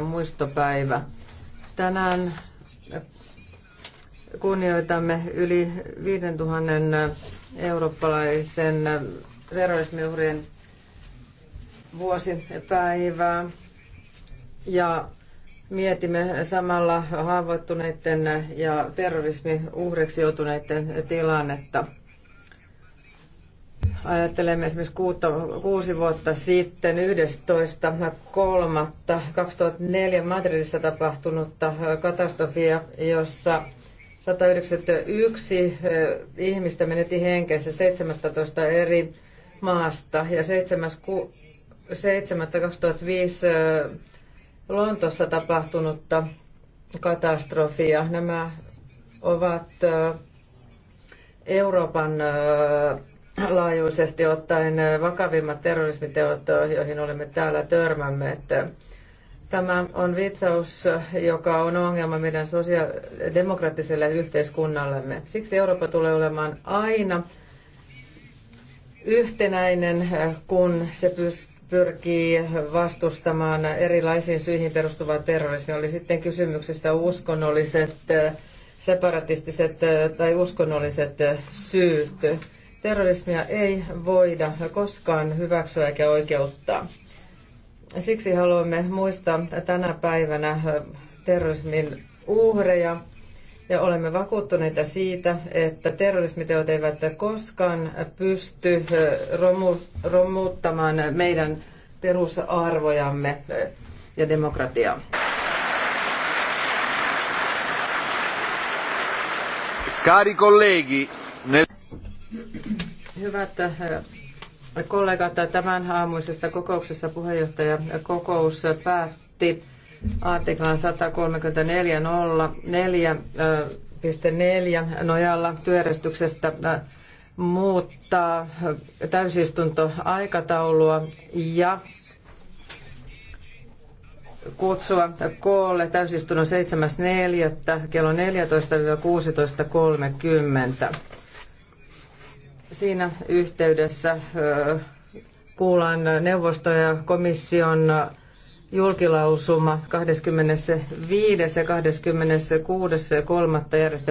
muistopäivä. Tänään kunnioitamme yli 5000 eurooppalaisen terrorismiuhrien vuosipäivää ja mietimme samalla haavoittuneiden ja terrorismiuhreiksi joutuneiden tilannetta. Ajattelemme esimerkiksi kuutta, kuusi vuotta sitten 11.3.2004 Madridissa tapahtunutta katastrofia, jossa 191 ihmistä menetti henkensä 17 eri maasta ja 7.2005 Lontossa tapahtunutta katastrofia. Nämä ovat Euroopan laajuisesti ottaen vakavimmat terrorismiteot, joihin olemme täällä törmänneet. Tämä on vitsaus, joka on ongelma meidän sosiaalidemokraattiselle yhteiskunnallemme. Siksi Eurooppa tulee olemaan aina yhtenäinen, kun se pyrkii vastustamaan erilaisiin syihin perustuvaa terrorismia. Oli sitten kysymyksessä uskonnolliset, separatistiset tai uskonnolliset syyt. Terrorismia ei voida koskaan hyväksyä eikä oikeuttaa. Siksi haluamme muistaa tänä päivänä terrorismin uhreja ja olemme vakuuttuneita siitä, että terrorismiteot eivät koskaan pysty romu, romuttamaan meidän perusarvojamme ja demokratiaa. Cari colleghi, nel... Hyvät äh, kollegat, tämän aamuisessa kokouksessa puheenjohtaja kokous päätti artiklan 134.4 äh, nojalla työjärjestyksestä äh, muuttaa täysistuntoaikataulua ja kutsua koolle täysistunnon 7.4. kello 14 Siinä yhteydessä kuullaan neuvosto ja komission julkilausuma 25. ja 26. ja 3. järjestelmä.